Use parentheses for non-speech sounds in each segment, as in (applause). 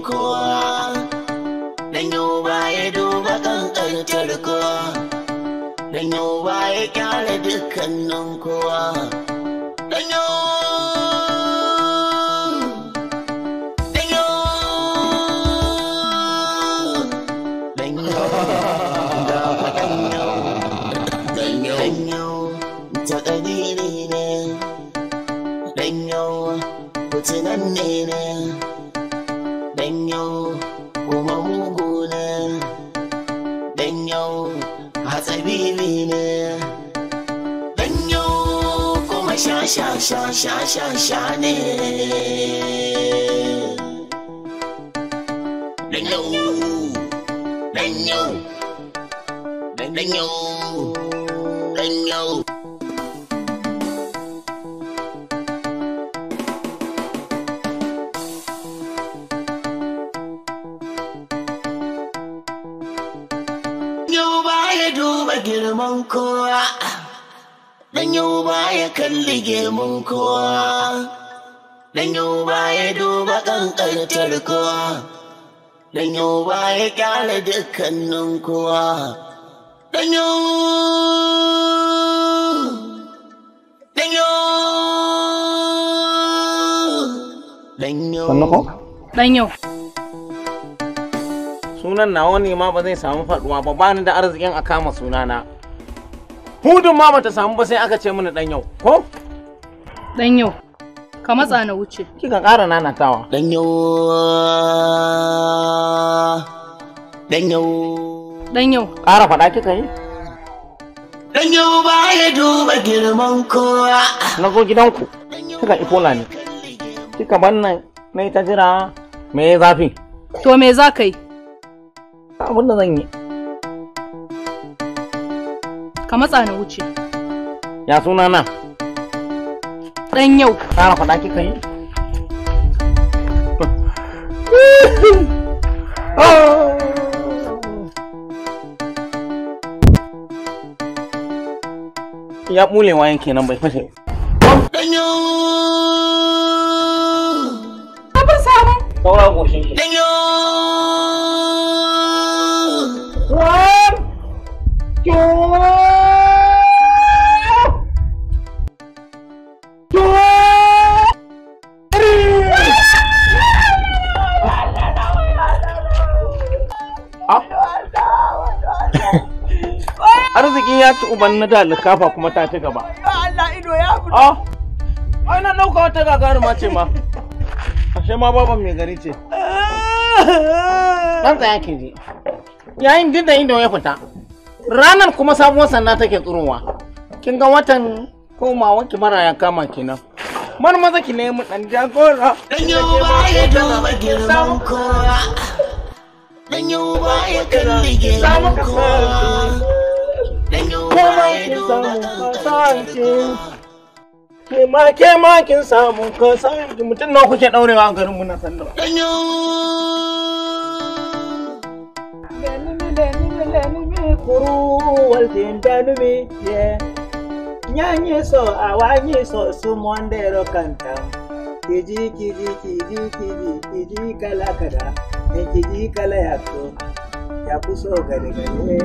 laifin kowa dan yau ya duba kankantar kowa dan yau ya kyale dukkanin kowa xa xa xa nè đánh nhau đánh nhau đánh đánh nhau đánh nhau Nobody do make it among cool. dan yau baya kalli gemun kowa dan yau baya duba kankantar kowa dan yau baya kyale dukkanin kowa dan yau dan yau dan yau dan yau sunan nawa ne ma ba zai samu faduwa ba bani da arzikin a kama sunana Hudun ma bata samu ba sai aka ce mana dan yau, ko? Dan yau. Ka matsa na wuce. Kika ƙara nanatawa. Dan yau. Dan yau. Dan yau. Ƙara faɗa kika yi? Dan yau ba ya duba girman kowa. Na zo gidanku. Kika ifola ne. Kika ban nan na ta jira me zafi. To me za ka yi? Abin da zan yi. Ka matsa na wuce. Ya suna na? Dan yau. Kara faɗa kika yi? Ya ɓule wayan kenan bai fashe. Danyo! Kabar sabon. Saura goshin ki. Danyo! One, two, ya ci uban na da likafa kuma ta ci gaba. Allah ido ya fito. Ah. Ai na dauka wata ma ce ma. Ashe ma baban mai gari ce. Dan (laughs) tsaya ke ji. Yayin dinda da ido ya fita. Ranar kuma sabuwar sannan take tsurowa. Kin ga watan komawa kimara ya kama kenan. mar maza ki nemi dan jagora dan yau ba ya duba girman kowa dan yau ba ya kalli girman kowa kin samu kasancin ke ma ke ma kin samu kasancin mutum na kuke daurewa a garin muna sallah kuruwal tin danumi ye nyanye so awanye so sumondero kanta kiji kiji kiji kiji kiji kala kada kiji kala yakko yakuso gari gari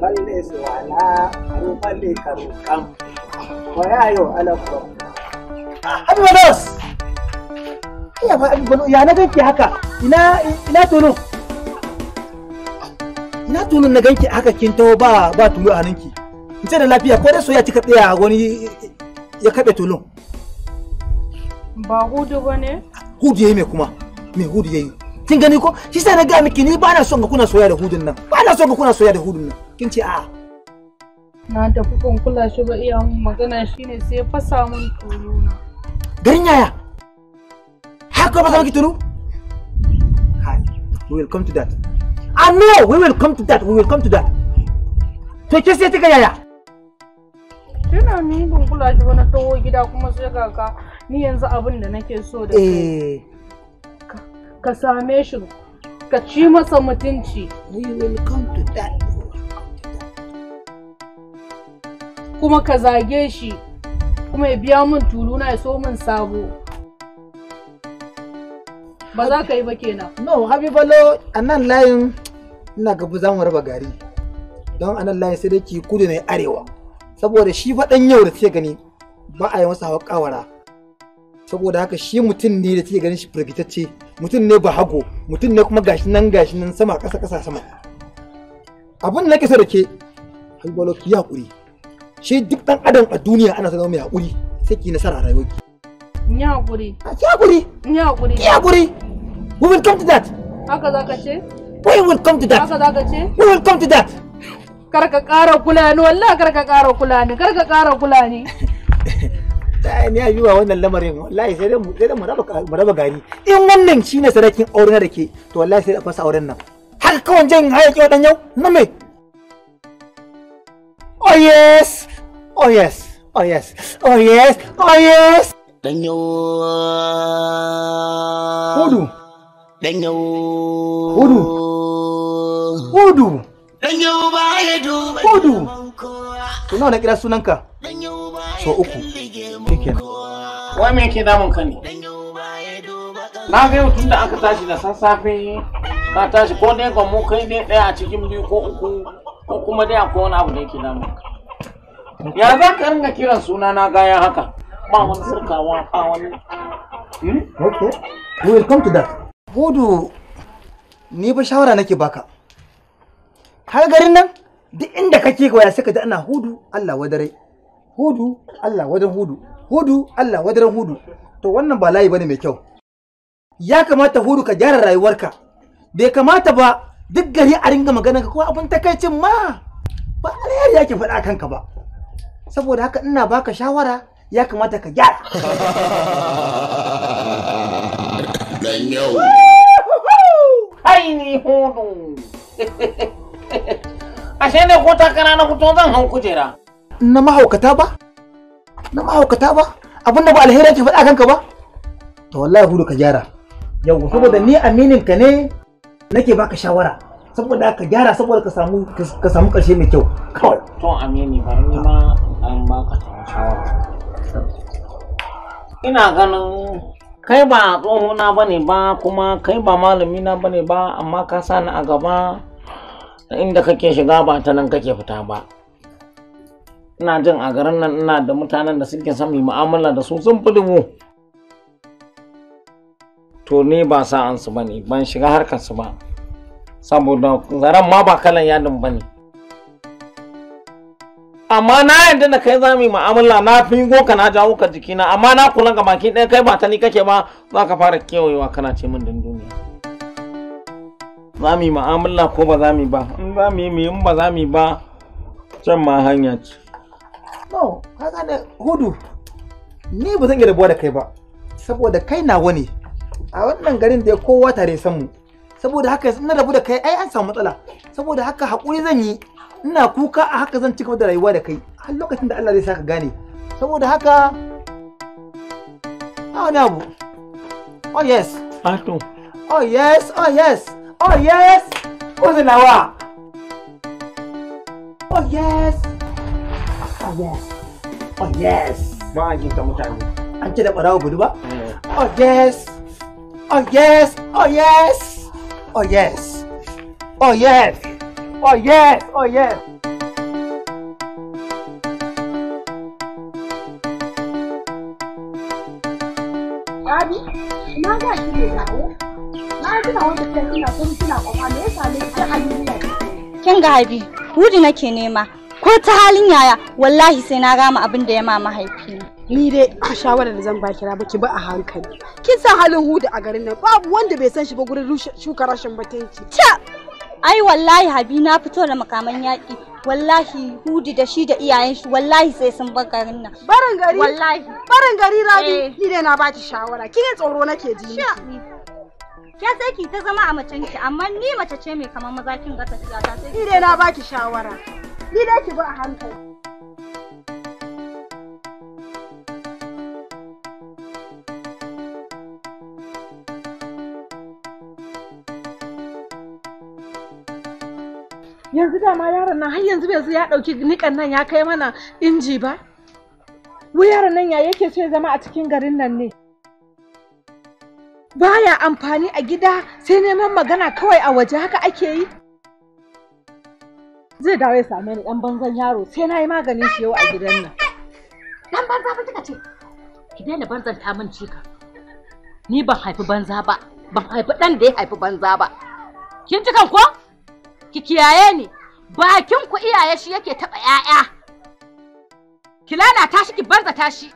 falle su wala an falle karukan ko ya yau alakwa abu balos iya ba abu ya na ganki haka ina ina tono ina tono na ganki haka kin taho ba ba tulu a hannunki in ce da lafiya ko da soyayya kika tsaya wani ya kabe tulun ba hudu ba ne hudu yayi me kuma me hudu yayi kin gani ko shi sai na ga miki ni ba na son ga kuna soyayya da hudun nan ba na son ga kuna soyayya da hudun nan kin ce a na tafi kun kula shi ba iya mun magana shine sai ya fasa mun tsoro na garin yaya haka ba za ki tunu hi we will come to that i ah, know we will come to that we will come to that to ke sai ta yaya Tuna ni kun kula shi ba na taho gida kuma sai kaka ni yanzu abin da nake so da kai. Eh. Ka same shi ka ci masa mutunci. We will come to that. kuma ka zage shi kuma ya biya min tuluna ya so min sabo ba za ka yi ba kenan no Balo. a nan layin ina gabu za mu raba gari don a nan layin sai dai ki kudu ne arewa saboda shi faɗan yau da take gani ba a yi masa hawa kawara saboda haka shi mutum ne da take ganin shi firgitacce mutum ne ba hago mutum ne kuma gashi nan gashi nan sama ƙasa ƙasa sama abin da nake so da ke habibalo ki yi haƙuri shi duk dan adam a duniya ana zama mai hakuri sai ki nasara a rayuwarki ni hakuri ah, ki hakuri ni hakuri ki hakuri we will come to that haka zaka ce we will come to that haka zaka ce we will come to that kar ka ƙara kula ni wallahi kar ka ƙara kula ni kar ka ƙara kula ni (laughs) ta ni abi ba wannan lamarin wallahi sai dai mu raba mu raba gari in wannan shine sarakin aure da ke to wallahi sai da fasa auren nan Har kawai jan hayaki wadan yau na me Oh yes! Oh yes, oh yes, oh yes, oh yes. Danyo. Hudu. you! kira sunanka. So uku. Wai me yake damun ka tunda aka tashi da sassafe ka tashi ko dai ga mu ne ɗaya a cikin biyu ko uku ko kuma dai akwai wani abu da yake damun ka. ya za ka ringa kiran suna na gaya haka ba wani sirkawa ba wani hmm? okay we will come to that hudu ni ba shawara nake baka har garin nan duk inda kake waya sai ka ji ana hudu Allah wadare hudu Allah wadar hudu hudu Allah wadar hudu to wannan ba layi bane mai kyau ya kamata hudu ka gyara rayuwarka bai kamata ba duk gari a ringa magana ka ko abin takaicin ma ba alheri yake faɗa kanka ba saboda haka ina baka shawara ya kamata ka gyara dan yau ni hudu (laughs) ashe ne ko takara na kuto zan hau kujera na mahaukata ba na mahaukata ba abin da ba alheri ke faɗa kanka ba to wallahi hudu ka gyara yau saboda ni aminin ka ne nake baka shawara saboda ka gyara saboda ka samu ka samu karshe mai kyau kawai to amini bari ni ma baka shawara ina ganin kai ba tsohona ba ne ba kuma kai ba malamina ba ne ba amma ka sa ni a gaba inda kake shiga ba ta nan kake fita ba ina jin a garin nan ina da mutanen da suke son mai mu'amala da su sun fi dubu to ni ba sa'ansu ba ne ban shiga harkarsu ba saboda zaren ma ba kalan yadin ba ne amma na yadda da kai za mu yi mu'amala na fingo ka na jawo ka jikina amma na kula ga baki ɗaya kai ba ta ni kake ba za ka fara kewayewa kana ce min dunduniya za mu mu'amala ko ba za ba in zami mu yi in ba za ba can ma hanya ce no haka da hudu ni ba zan iya rabuwa da kai ba saboda kai na wani a wannan garin da kowa tare san mu saboda haka yanzu na rabu da kai ai an samu matsala saboda haka haƙuri zan yi ina kuka a haka zan cigaba da rayuwa da kai har lokacin da Allah zai saka gane saboda haka oh bu oh yes ato oh yes oh yes oh yes nawa oh yes oh yes oh yes ma mutane an ce da gudu ba oh yes oh yes oh yes oh yes oh yes Oh yes, oh yes. Abi, ina ga shi ne dawo. Na ji na wata kyan ina kuma kina kwama me yasa ne ta halin Kin ga Abi, hudu nake nema. Ko ta halin yaya, wallahi sai na gama abin da ya ma mahaifi. Ni dai a shawarar da zan ba kira ba ki ba a hankali. Kin san halin hudu a garin nan babu wanda bai san shi ba gurin shuka rashin batanci. Ta ai wallahi habi na fito da makaman yaƙi wallahi hudu da shi da iyayen shi wallahi sai sun bar garin nan barin gari wallahi barin gari rabi eh. ni dai na baki shawara kin tsoro nake ji ke sai ki ta zama a macen ki amma ni mace ce mai kaman maza kin ga tafiya ta sai ni dai na baki shawara ni dai ki bi a hankali da ma yaron nan har yanzu bai ya dauki nikan nan ya kai mana inji ba wai yaron nan ya yake so ya zama a cikin garin nan ne baya amfani a gida sai neman magana kawai a waje haka ake yi zai dawo ya same ni dan banzan yaro sai na yi maganin shi yau a gidan nan dan banza ba kika ce ki daina banzan ta min cika ni ban haifi banza ba ban haifi dan da ya haifi banza ba kin ji kan ko ki kiyaye ni bakin ku iyaye shi yake taɓa ‘ya'ya. Ki lana tashi, ki barza tashi.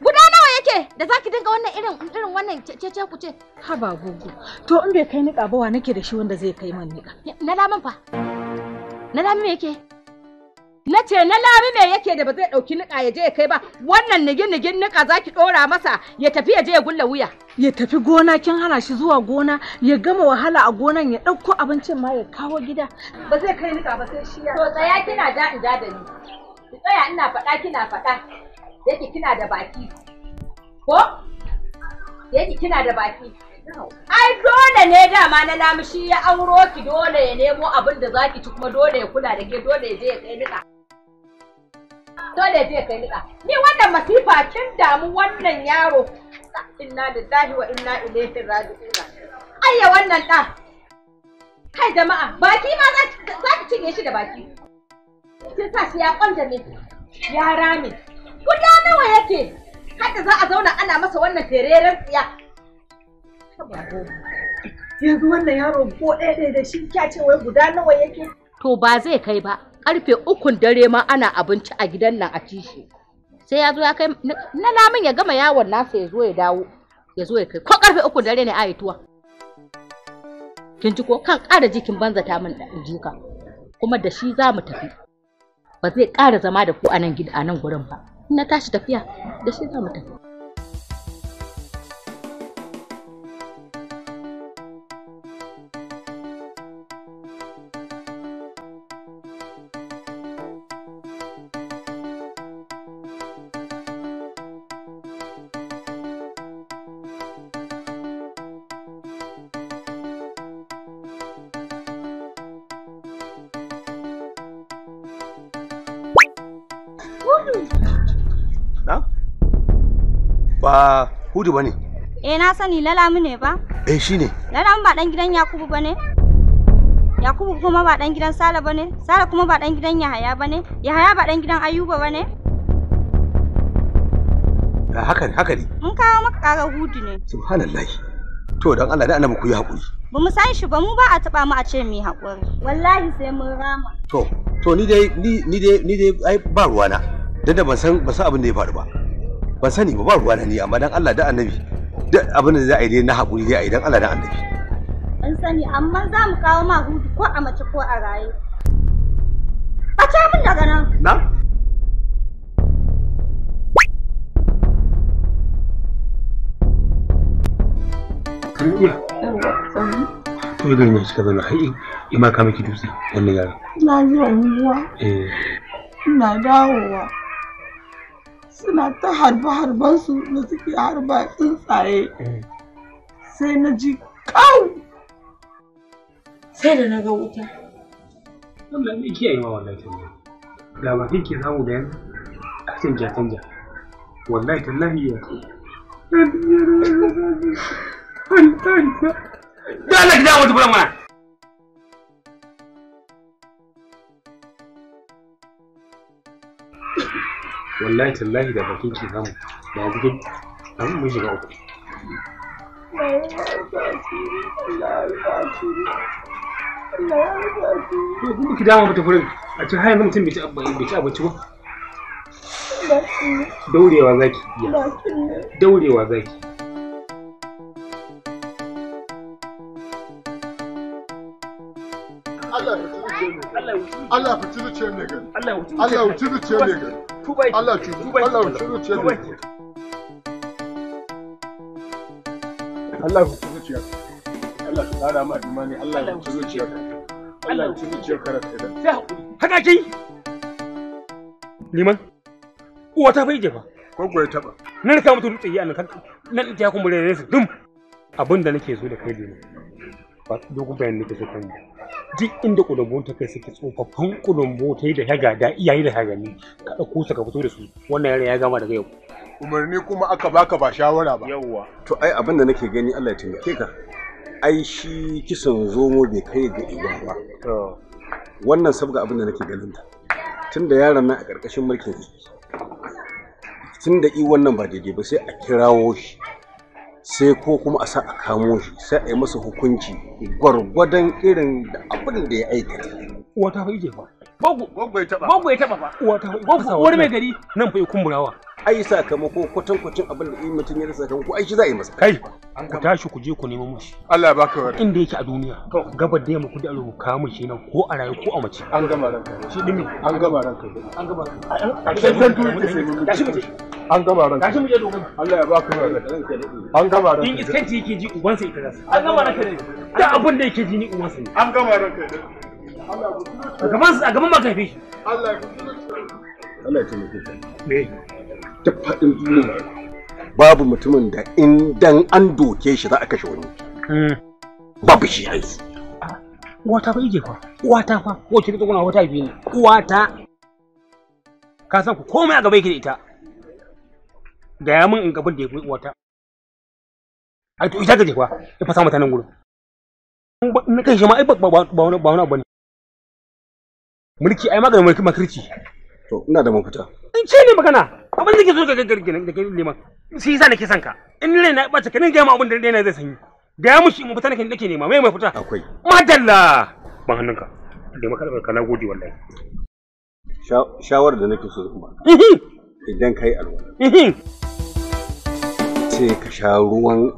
Guda nawa yake da zaki dinga wannan irin irin wannan cece ku ce. Ha ba gugu. To in bai kai niƙa ba wa nake da shi wanda zai kai man niƙa. Na laman fa. Na me yake. na ce na lami me yake da ba zai ɗauki niƙa ya je ya kai ba wannan nigin-nigin nika za ki ɗora masa ya tafi ya je ya gulla wuya. ya tafi gona kin hana shi zuwa gona ya gama wahala a gonan ya ɗauko abincin ma ya kawo gida ba zai kai niƙa ba sai shi ya. to tsaya kina da ida da ni ki tsaya ina faɗa kina faɗa yake kina da baki ko yake kina da baki Ai dole ne dama na lamushi ya auro ki dole ya nemo abin da zaki ci kuma dole ya kula da ke dole ya je ya kai nika. dole zai kai niƙa ni wannan masifa kin damu wannan yaro inna lillahi wa inna ilaihi raji'una ayya wannan ɗa kai jama'a baki ma za ki cinye shi da baki kin sa shi ya kwanta ne ya rame guda nawa yake haka za a zauna ana masa wannan tereren tsiya yanzu wannan yaro ko ɗaya da shi kya ce wai guda nawa yake to ba zai kai ba karfe ukun dare ma ana abinci a gidan nan a ci sai ya zo ya kai na namun ya gama yawon nasa ya zo ya dawo ya zo ya kai ko karfe ukun dare ne a tuwa kin ji ko kan ƙara jikin banza ta min in ji ka kuma da shi za mu tafi ba zai ƙara zama da ku a nan gida a nan gurin ba na tashi tafiya da shi za mu tafi ba hudu ba ne eh na sani lalamu ne ba eh shine lalamu ba dan gidan yakubu ba ne yakubu kuma ba dan gidan sala ba ne sala kuma ba dan gidan yahaya ba ne yahaya ba dan gidan ayuba ba ne ah, haka ne haka ne mun kawo maka karar hudu ne subhanallahi to dan Allah da ana muku yi hakuri ba mu san shi ba mu ba a taba mu a ce mu yi hakuri wallahi sai mun rama to to ni dai ni ni dai ni dai ai ba ruwana dan da ban san ban san abin da ya faru ba ban sani ba ba ruwa na ni amma dan Allah da annabi duk abin da za a yi dai na haƙuri dai a yi dan Allah da annabi an sani amma za mu kawo ma hudu ko a mace ko a raye a ce abin daga nan na to da ne suka zana hai ima ka miki dutse wannan yaran na zuwa eh ina dawowa suna ta harbe-harbensu da suke harba tsuntsaye sai na ji kawo sai da na ga wuta wanda ne yi ma wallahi tanya da ba kike samu da yanzu a canja canja wallahi tallahi ya ce an tanta da ki dawo ta mana wallahi tallahi da bakin ki samu ba gudun an mun shiga uku to kuma ki dama mata furin a ci hayan mutum bai ci bai ci abinci ba daurewa zaki iya daurewa zaki Allah ya fi zuciyar ne gani. Allah ya fi zuciyar ne gani. tubai Allah shi tubai Allah shi zuciya tubai Allah shi Allah shi tsara ma Allah shi zuciya Allah shi zuciya da sai hakuri haka kai liman uwa ta faije fa ko goye taba na rika mutu dutse yi annan nan ta kuma rere su dum abinda nake so da kai liman ba dogon bayan nake so kan duk inda kulumbu ta kai suke tsofaffin kulumbu ta yi da haga da iyaye da hagani ka ɗauko su ka fito da su wannan yaron ya gama daga yau umarni kuma aka baka ba shawara ba yawwa to ai abin da nake gani Allah ya taimake ka ai shi kisan zomo bai kai ga iwa ba wannan sabga abin da nake ganin ta tunda yaron nan a ƙarƙashin mulkin tunda i wannan ba daidai ba sai a kirawo shi sai ko kuma a sa a kamo shi sai a yi masa hukunci gwargwadon irin da abin da ya aikata uwa ta fa ije fa Bogo ya taba. Bogo ya taba fa. Uwa ta fa. Wani mai gari nan fa ya kumburawa. Ai sakamako kwatan kwatan abin da mutum ya rasa kan ku ai shi za a yi masa. Kai ku tashi ku je ku nemo mashi. Allah ya baka wani. Inda yake a duniya. Gabar da yamma ku da rubu kawo mashi nan ko a rayu ko a mace. An gama ranka. Shi dimi. An gama ranka. An gama ranka. A san tuwo ke sai mun. Tashi mu an gama ran gashi mu je dogon Allah ya ba ku ran an gama ran in iskanci yake ji ubansa ita rasa an gama ran kai da abin da yake ji ni ubansa ne an gama ran kai a gaban a gaban makafi Allah ya Allah ya taimake me ta fadin mu. babu mutumin da in dan an doke shi za a kashe wani hmm. babu shi ai uwata fa ije fa uwata fa wace ta tsoguna wata biyu ne uwata ka san ku komai a gaba yake da ita gaya min in gaban da ya fi wata ai to ita gaje kuwa ya fasa mata nan gurin na kai shi ma ba wani abu ne mulki ai maganin mulki makirci to ina da mafita in ce ne magana abin da ke so ga gargin da ke neman shi yasa nake son ka in rai na bace ka ne ga abin da rai na zai sanyi ga ya mushi mafita nake nake nema mai mafita akwai madalla ban hannunka da maka da kana gode wallahi shawara da nake so in ba idan kai alwala ce ka sha ruwan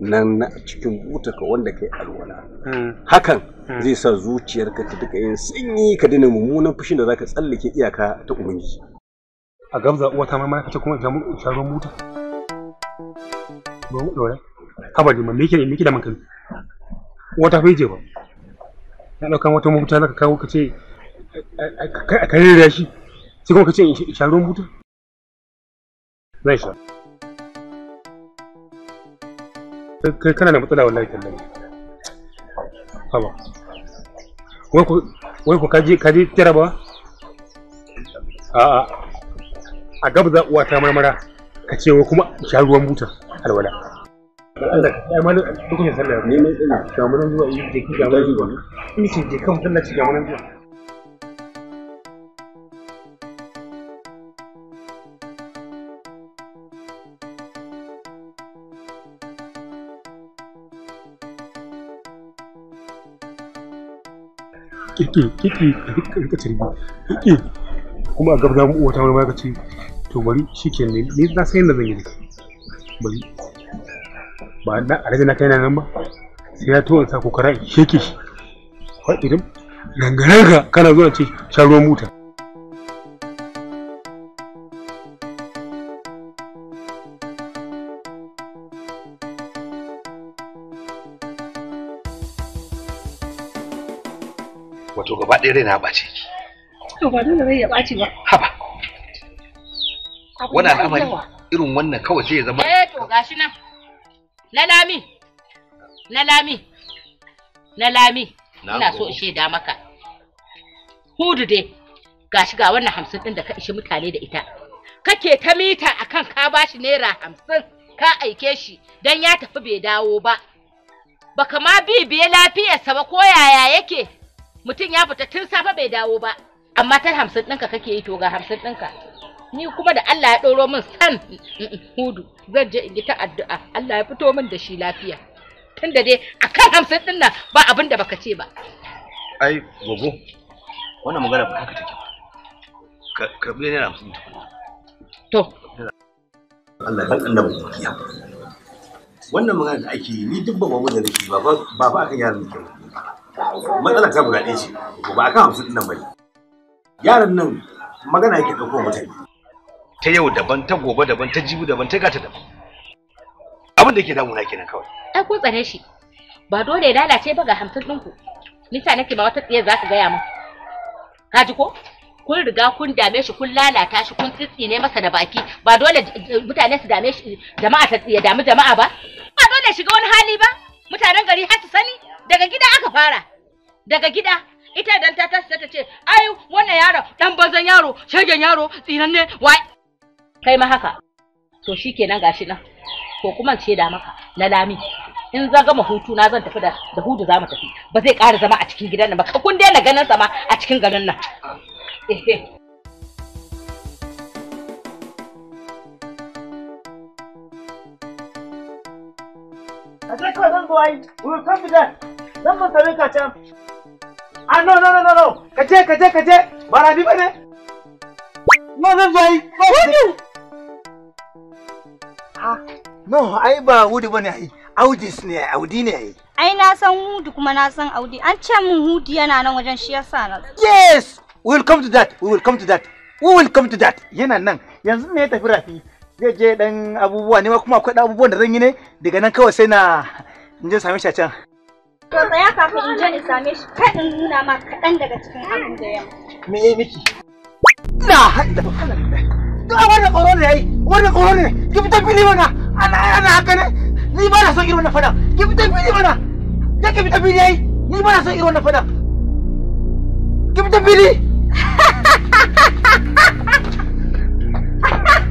nan na cikin butarka wanda kai alwala hmm. hakan hmm. zai sa zuciyarka ta duka yin sanyi ka dina mummunan fushin da zaka tsallake iyaka ta ubangiji a gamza uwa ta mamaya kace kuma in sha ruwan buta ruwan dore haba jima me yake miki da mankan uwa ta fije ba na dauka wata mafuta zaka kawo kace kai kai rashi sai kuma kace in sha ruwan buta zan sha kai kana da matsala wallahi tallahi haba wai ku wai kaji kaje kaje jaraba a a gaba za uwa ta marmara ka ce wai kuma sha ruwan buta alwala Allah ya malu dukkan sallah ne mai tsina ga mun zuwa yi da ki ga mun zuwa ni ce je kan tallaci ga mun zuwa kiki kiki ka cin kiki kuma a gabda mu ma wani magaci to bari shikenan ne ni na san yadda zan yi bari ba na alaji na kai na nan ba sai ya tuwon sa kokara sheke shi wa irin gangaranga kana zuwa ce shan ruwan mutan gaba rai na ɓace ki to ba dole rai ya ɓace ba haba wani al'amari irin wannan kawai sai ya zama eh to gashi nan na lami na lami na lami ina so in shaida maka hudu dai gashi ga wannan hamsin ɗin da ka ishi mutane da ita kake ta mita akan ka bashi naira hamsin ka aike shi don ya tafi bai dawo ba baka ma bi biye lafiyarsa ba ko yaya yake mutum ya fita tun safe bai dawo ba amma ta hamsin ɗinka kake yi to ga hamsin ɗinka ni kuma da Allah ya ɗoro min san hudu zan je in yi ta addu'a Allah ya fito min da shi lafiya tunda dai akan hamsin ɗin nan ba abin da baka ce ba ai gogo wannan magana ba haka take ba ka bi naira hamsin ta to Allah ya ɗan annabi wannan magana da ake yi ni duk ba babu da nake ba ba ba ka yaran nake ba matsalar ta guda ɗaya ce ba a kan hamsin nan ba ne. yaran nan magana yake ɗauko mutane ta yau daban ta gobe daban ta jibi daban ta gata daban abin da ke damuna kenan kawai ai ko tsare shi ba dole ya lalace ba ga hamsin ɗinku nisa nake ma wata tsiyar za ka gaya min ka ji ko kun riga kun dame shi kun lalata shi kun tsitsine masa da baki ba dole mutane su dame shi jama'a ta tsiya damu jama'a ba ba dole shiga wani hali ba mutanen gari har su sani daga gida fara daga gida ita idan ta tashi ta ce ai wannan yaro dan bazan yaro shagen yaro ne wai kai ma haka to shikenan gashi nan ko kuma ce da maka na lami in za gama hutu na zan tafi da da hudu za mu tafi ba zai ƙara zama a cikin gidan nan ba kun daina ganin sa ma a cikin garin nan eh, eh. ka kawai zan zo ai no no no no ka je ka je ka je ba rabi ba ne no zan zo ai wudu ha no ai ba wudu ba ne ai ne ai audi ne ai ai na san hudu kuma na san audi an ce min hudu yana nan wajen shi yasa na yes we will come to that we will to that we will to that yana nan yanzu ne ya tafi rafi zai je dan abubuwa ne ma kuma akwai abubuwan da zan yi ne daga nan kawai sai na in je same shi a can to tsaya kafin in je ni same shi kadin nuna ma kaɗan daga cikin abin da ya me yi miki na hadda to wannan tsoro ne yayi wannan tsoro ne ki fitan fili mana ana ana haka ne ni ba na son irin wannan fada ki fitan fili mana ya ki fitan fili yayi ni ba na son irin wannan fada ki fitan fili (laughs)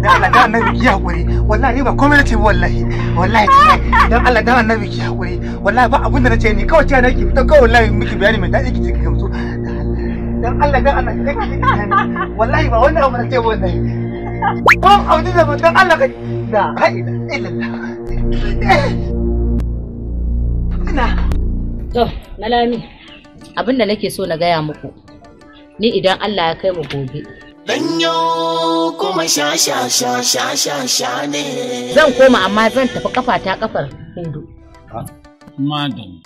dan Allah dan annabi ki hakuri wallahi ni ba komai nace wallahi wallahi dan Allah dan annabi ki hakuri wallahi ba abin da nace ni kawai ce nake fito kawai wallahi miki bayani mai daɗi ki cika gamsu dan Allah dan annabi kake ki wallahi ba wannan abu nace wallahi ko audi da dan Allah ka da haida illallah ina to malami abin da nake so na gaya muku ni idan Allah ya kai mu gobe Danyo kuma sha sha ne. Zan koma amma zan tafi kafa ta kafar hindu. Madam.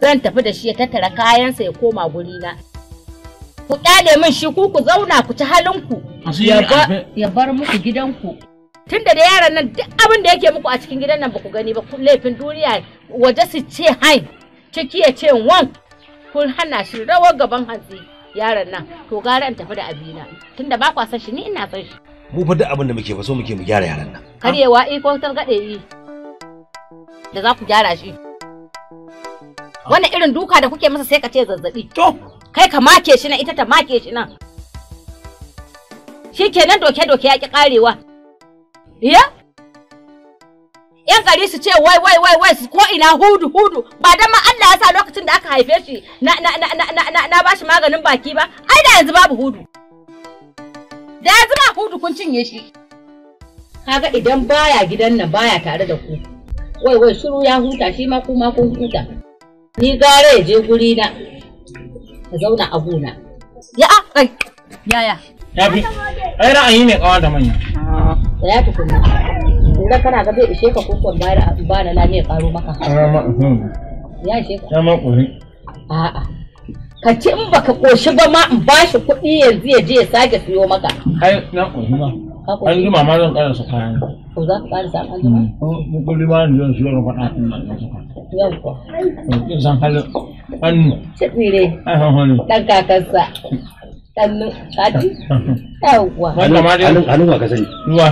Zan tafi da shi ya tattara kayansa ya koma gurina. Ku kyale min shi ku ku zauna ku ci halinku. Ya bar muku gidanku. Tunda da yaran nan duk abin da yake muku a cikin gidan nan ba ku gani ba laifin duniya waje su ce hai ciki ya ce wan kun hana shi rawar gaban hatsi. yaron nan to gara in tafi da abina tunda ba kwa san shi ni ina san shi mu fa duk abin da muke fa so muke mu gyara yaron nan eh, ko tar gade yi eh, da za ku gyara shi wannan irin duka da kuke masa sai ka ce zazzabi to kai ka make shi nan ita ta make shi nan Shi kenan doke doke ya ki karewa iya yan gari su ce wai wai wai wai ko ina hudu hudu ba dan ma Allah ya sa lokacin da aka haife shi na na na na na na shi maganin baki ba ai da yanzu babu hudu da yanzu ba hudu kun cinye shi kaga idan baya gidan nan baya tare da ku wai wai shiru ya huta shi ma kuma kun huta ni gare ya je guri na ka zauna a gona ya ah, kai yaya bi ai ra'ayi ne kawar da manya ya tukunna kuran kana ga zai ishe ka ko bayar ba na lami ya karo maka hmm. ya ishe ka ya ma kuri a'a ka ci in baka koshi ba ma in bashi kuɗi yanzu ya je ya sake siyo maka ai na koshi ma an jima ma zan su kayan ko za ka karasa an jima hmm. ko ni ma zan siyo na faɗa tun nan yau ko hmm. kin san halin hannu ci tsire ɗan kakarsa kannu kati (laughs) yawwa hannun wa ka sani ruwa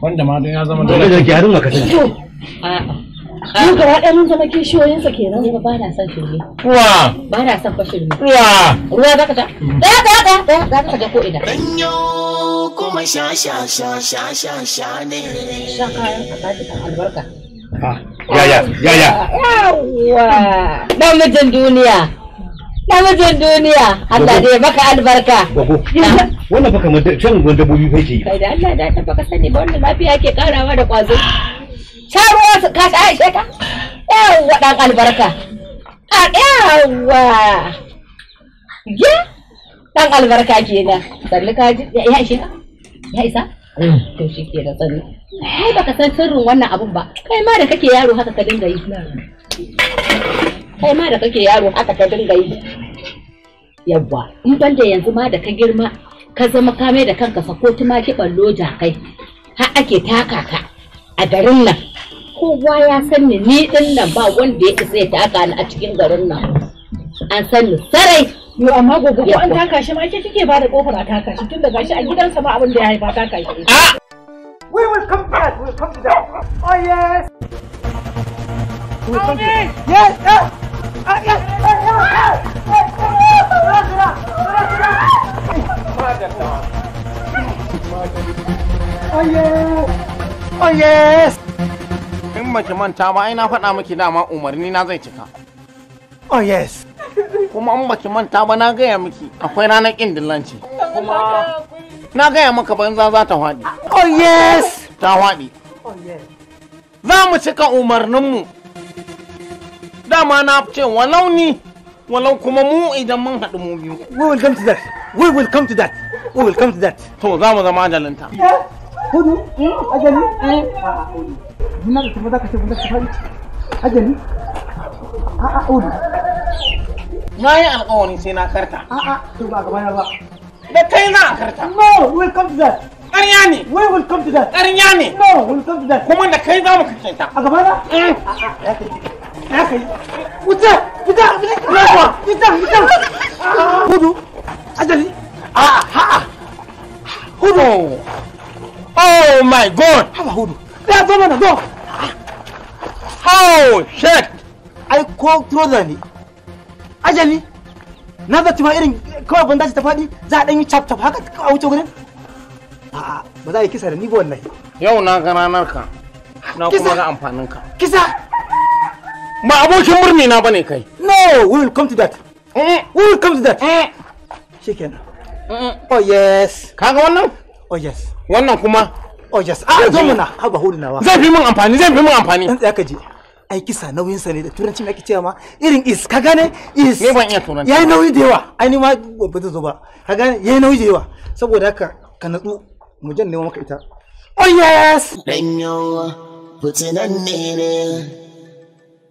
wanda ma don ya zama dole da gyarin maka tana Mun mun zama kenan. ba na shirme. Wa. Ba na fashin ne. Wa. Ruwa ta. za ka mm. ko ina. Danyo kuma sha sha sha sha sha sha ne. Sha albarka. Ah, ya ya ya ya. wa dan mijin duniya. namijin duniya Allah dai maka albarka (laughs) wannan baka mun shan ruwan dabbobi fa ke yi kai da Allah da ta baka sani ba wannan lafiya ke karawa da kwazo sha ruwa ka sha ishe ka yawa dan albarka a yawa ya dan albarka kenan sallu ka ji ya ishe ka ya isa mm. to shi ke da sani Kai baka san sirrin wannan abun ba kai ma da kake yaro haka ka dinga yi kai ma da kake yaro haka ka dinga yi yawwa in ban da yanzu ma da ka girma ka zama ka mai da kanka sako ki ballo kai, har ake taka ka a garin nan kowa ya san ni ni din nan ba wanda ya isa ya taka ni a cikin garin nan an san ni sarai yo amma gogo ko an taka shi ma ke kike ba da kofar a taka shi tun da gashi a gidansa ma abin da ya haifa taka shi ah! we will come back we will come to that oh yes we will come to that yes yes Oh yes! In baki manta ba ai na faɗa miki dama umarni zai cika. Oh yes! Kuma in baki manta ba na gaya miki akwai ranar ƙin dillanci. Kuma na gaya maka banza za ta faɗi. Oh yes! Ta faɗi. Oh yes! Za mu cika umarninmu. dama na ce walau ni walau kuma mu idan mun haɗu mu biyu we will come to that we will come to that we will come to that to za mu zama ajalinta eh, hudu eh, ajali muna eh. ah, ah, da kuma za ka ce muna safari ajali a'a ah, hudu na yi alƙawari sai na karta a'a to ba gaba na ba da kai na karta no we will come to that ƙarya ne we will come to that ƙarya ne no we will come to that kuma da kai za mu kace ta a gaba na mm. a'a Ya kai. Wuce, fita, fita, lafiya, fita, fita. Hudu, ajali. Ah, ah, ah. Oh, oh my god. Oh, shit. Ai ko trouser Ajali. Na zaci ma irin kawai ban daji ta faɗi za a ɗan yi cap cap haka a wuce A'a, ah, ba za a yi kisa da ni ba wallahi. Yau na ga ranar ka. Na kuma ga amfanin ka. Kisa. ba abokin murni na bane kai no we will come to that eh. we will come to that eh. shikenan oh yes kaga wannan oh yes wannan kuma oh yes a ah, zo muna haba wa. zai fi min amfani zai fi min amfani dan tsaya ka je ai kisa nauyin sa ne da turanci mai ake cewa ma irin is ka gane is ne ban iya turanci yayi nauyi da yawa ai ni ma ba zai zo ba ka gane yayi nauyi da yawa saboda haka ka natsu mu jan neman maka ita oh yes dan yawa putin ne ne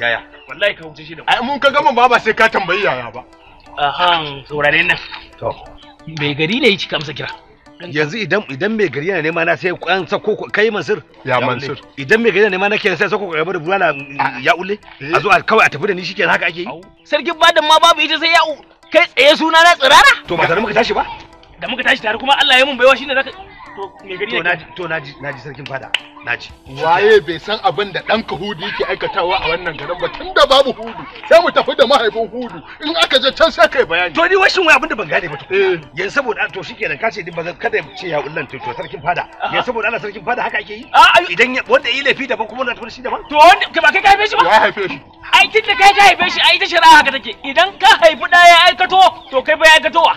yaya wallahi ka huce shi da ai mun ka gama ba ba sai ka tambayi yaya ba ahan saurare nan to bai gari ne yake amsa kira yanzu idan idan mai gari yana nema na sai kan sako kai mansur ya mansur idan mai gari yana nema na ke sai sako gaba bar bulala ya ule eh. a zo kawai a tafi da ni shikenan haka ake yi sarkin badan ma babu ita sai ya kai tsaye suna na tsirara to ba tare muka tashi ba da muka tashi tare kuma Allah ya mun baiwa shine zaka to naji naji sarkin fada naji waye bai san abin da ɗanka hudu yake aikatawa a wannan garin ba tun da babu hudu sai mu tafi da mahaifin hudu in aka je can sai kai bayani to ni washin wai abin da ban gane ba to eh. yanzu saboda to shikenan ka ce din bazan kada ce ya ullan to to sarkin fada yanzu saboda Allah sarkin fada haka ake yi ah, idan wanda yi laifi daban kuma na tafi shi daban to wanda ba kai ka haife shi ba ya haife shi ai tun da kai ka haife shi ai ta shari'a haka take idan ka haifi ɗaya ya aikato to kai ba ya aikatowa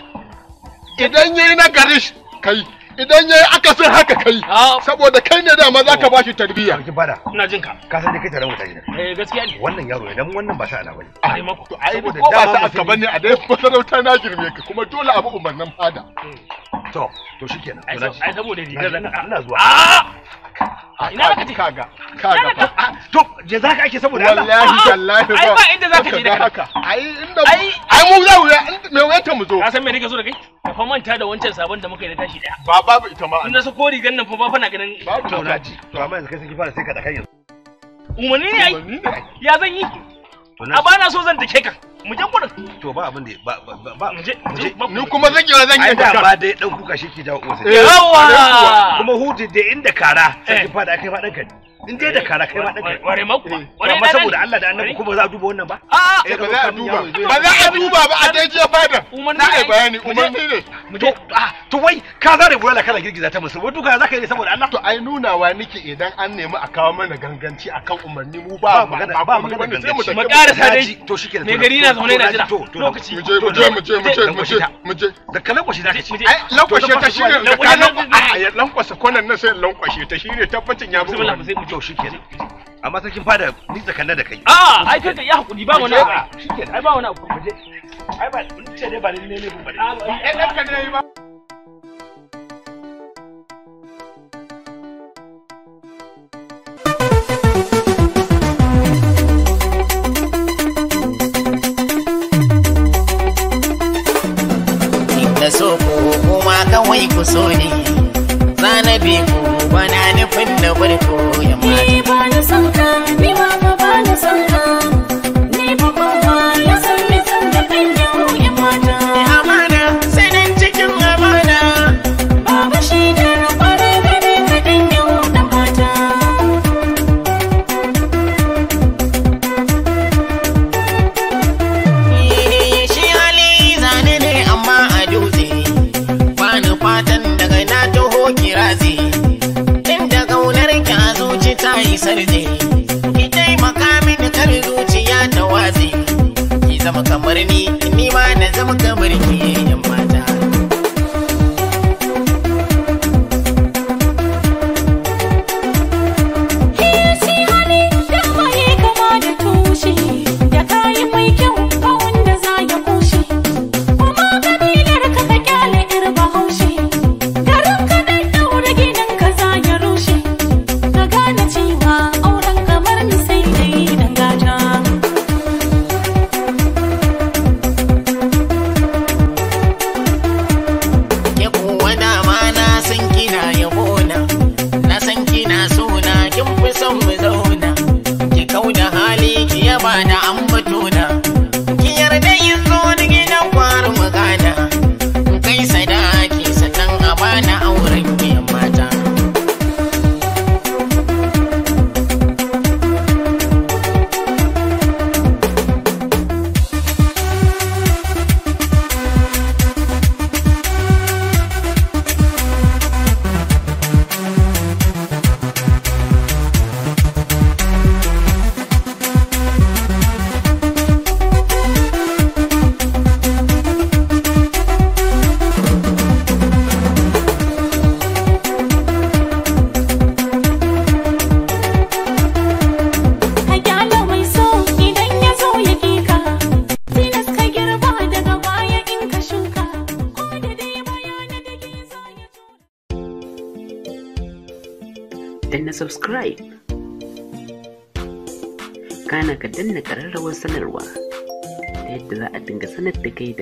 idan yayi na garish kai idan yayi san haka kai saboda kai ne dama zaka oh. bashi tarbiyya ki bada ina jin ka ka san da kai tare mutane eh gaskiya ne wannan yaro idan wannan ba sa ala bane ah, ai mako to ai ko ba sa aka bane a dai (laughs) masarauta na girme ka kuma dole abu nan fada hmm. to to shikenan to naji ai saboda ni gaza Allah zuwa a ah! ina ka ji kaga kaga ah, to je zaka ake saboda Allah wallahi wallahi ba ai ba inda zaka je da haka ai inda ai mu za mu me wayar mu zo ka san me nake so da kai ka fa manta da wancan sabon da muka yi da tashi daya baba babu ita ma na sako rigan nan fa ba fana ganin to amma yanzu kai sai ki fara sai ka da ne ai ya zan yi a ba na so zan take ka mu je gurin to ba abin da ba ba mu je ni kuma zan zan yi da ba dai dan kuka shi ki jawo uwarsa yawa kuma hudu da inda kara sai ki eh. fada kai fadan ka ne in dai da kara kai ma dan kai ware mako eh, ware amma saboda Allah da annabi kuma za a duba wannan ba a eh, ba za a duba ba za a duba ba a dai je fada na ai bayani umarni ne to ah, to wai ka zare bulala kana girgiza ta musu wai duka za ka yi saboda Allah to ai nunawa nake idan an nemi a kawo mana ganganci akan umarni mu ba magana ba magana ganganci mu karasa dai to shikenan me gari na zaune na jira lokaci mu je mu je mu je mu je mu je mu je da kalan kwashi za ta ci ai lankwashe ta shine da kalan lankwasa konan nan sai lankwashe ta shine tabbacin ya bu to shikenan amma sarkin fada ni tsakanna da kai a ai kai ka yi hakuri ba wani abu shikenan ai ba wani abu muje ai ba ni ce ne ba ni ne ne ba eh dan ka ne ba so ko kuma kawai ku so ne zanabi ku bana nufin na farko ya mata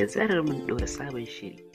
da tsarar mun ɗora sabon shiri.